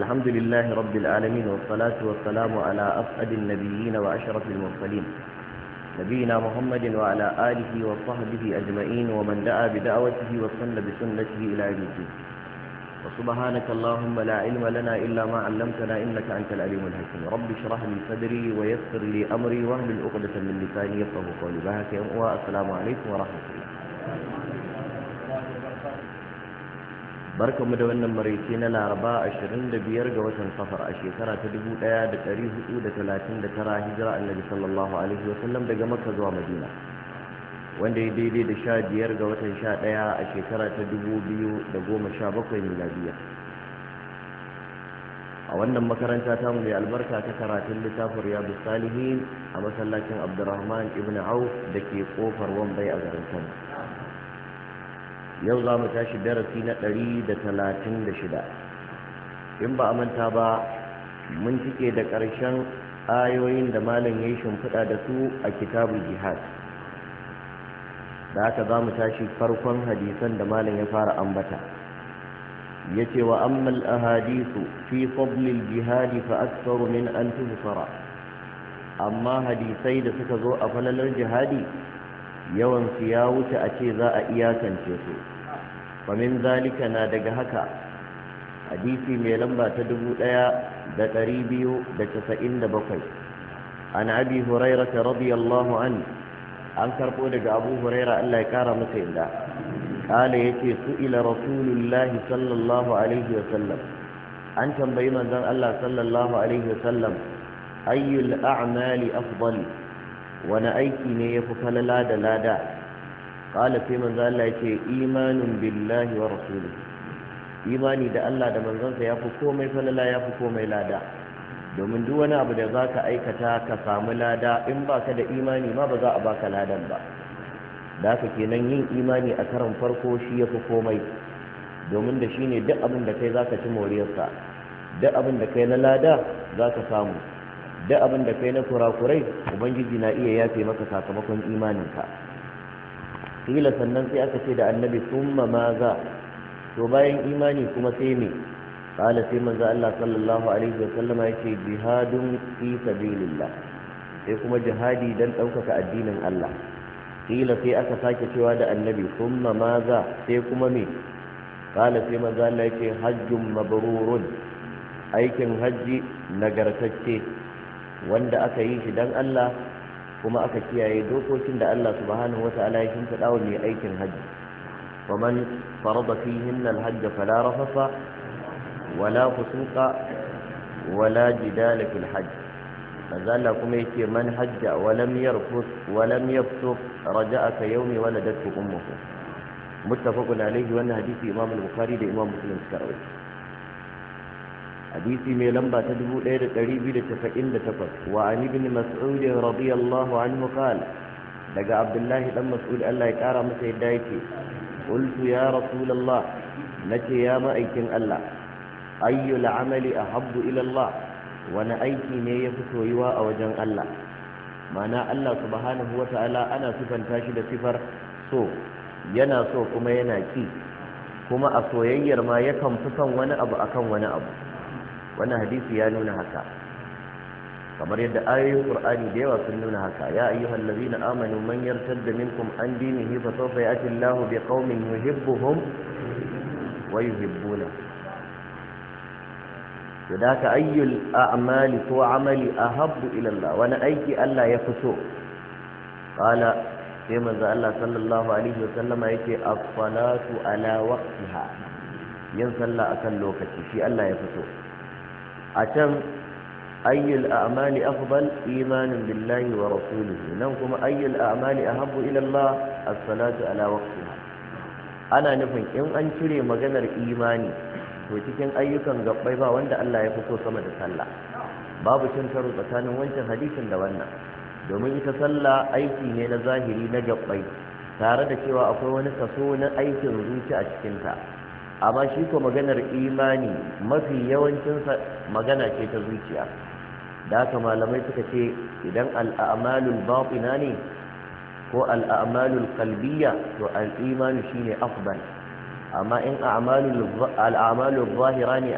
الحمد لله رب العالمين والصلاة والسلام على أسعد النبيين وأشرف المرسلين نبينا محمد وعلى آله وصحبه أجمعين ومن دعا بدعوته وصل بسنته إلى الدين وسبحانك اللهم لا علم لنا إلا ما علمتنا إنك أنت العليم الحكيم رب اشرح لي صدري ويسر لي أمري واهل الأقدة من لساني يفقه قولي بهك السلام عليكم ورحمة الله mu da wannan maraice na laraba 25 ga watan safar a shekara ta 1439 hijira annabi sallallahu alaihi wasallam daga makka zuwa madina wanda ya daidai da sha biyar ga watan sha ɗaya a shekara ta 2017 miladiya a wannan makaranta ta mai albarka ta karatun littafin riyadu salihin a masallacin abdurrahman ibn auf da ke kofar wambai a garin kano yau za mu tashi darasi na ɗari da talatin da shida in ba a manta ba mun cike da ƙarshen ayoyin da malam ya yi shimfiɗa da su a kitabun jihad da haka za mu tashi farkon hadisan da malam ya fara ambata ya ce wa ammal ahadisu fi fadlil jihadi fa aksaru min an tuhsara amma hadisai da suka zo a falalar jihadi yawan su ya wuce a ce za a iyakance su ومن ذلك نادق هكا حديثي ميلمبا تدبو ليا دقريبيو دكسئن بقي عن أبي هريرة رضي الله عنه عن كربولك أبو هريرة ألا يكارم سيدا قال يتي سئل رسول الله صلى الله عليه وسلم an tambayi manzon Allah sallallahu alaihi wasallam ayyul a'mali afdal wani aiki ne yafi falala da lada kala sai manzo Allah yake imanin billahi wa rasulihi imani da Allah da ya yafi komai falala yafi komai lada domin duk wani abu da zaka aikata ka samu lada in baka da imani ma ba za a baka ladan ba da haka kenan yin imani a karan farko shi yafi komai domin da shine duk abin da kai zaka ci moriyarsa duk abin da kai na lada zaka samu duk abin da kai na kurakurai ubangiji na iya yafe maka sakamakon imaninka kila sannan sai aka ce da annabi summa maza to bayan imani kuma sai me kala sai manzo Allah sallallahu alaihi wa sallama yake jihadun fi sabilillah sai kuma jihadi dan ɗaukaka addinin Allah kila sai aka sake cewa da annabi summa maza sai kuma me kala sai manzo Allah yake hajjun mabrurun aikin hajji nagartacce wanda aka yi shi dan Allah kuma aka kiyaye dokokin da Allah subhanahu wata'ala ya shimfiɗa wa mai aikin hajji faman farada fihinna alhajj fala rafasa wala kusuka wala jidala fil hajj manzo Allah kuma yake man hajja wa lam yarfus wa lam yafsuq raja'aka yawmi waladatu ummuhu muttafaqun alayhi wannan hadisi imam al-bukhari da imam muslim suka rawaito حديثي من لمبا تدبو ليلة قريب لتفئن لتفق وعن ابن مسعود رضي الله عنه قال لقى عبد الله بن مسعود ألا يكارى متى يدايتي قلت يا رسول الله نتي يا مأيكن ألا أي العمل أحب إلى الله وانا أيكي نيفت ويواء وجن ألا معنى الله سبحانه وتعالى أنا صفا تاشد صفر so yana so kuma yana ki kuma a soyayyar ma yakan fi son wani abu akan wani abu wannan hadisi ya nuna haka kamar yadda ayoyin qur'ani da yawa sun nuna haka ya ayyuhal ladina amanu man yartadda minkum an dinihi fa sawfa ya'ti Allahu biqaumin yuhibbuhum wa yuhibbuna to da ayyul a'mali ko amali ahabbu ila Allah wani aiki Allah ya fito. so qala sai manzo Allah sallallahu alaihi wa sallama yake as-salatu ala waqtiha yin sallah akan lokaci shi Allah ya fito. a can ayyul a'mali afdal imanin billahi wa rasulihi nan kuma ayyul a'mali ahabbu ila Allah as-salatu ala waqtiha ana nufin in an cire maganar imani to cikin ayyukan gabbai ba wanda Allah ya fito sama da sallah babu cin karo tsakanin wancan hadisin da wannan domin ita sallah aiki ne na zahiri na gabbai tare da cewa akwai wani kaso na aikin zuci a cikinta amma shi ko maganar imani mafi yawancinsa magana ce ta zuciya da haka malamai suka ce idan al'amalul batina ne ko al'amalul kalbiya to shi shine afban amma in al'amalul zahira ne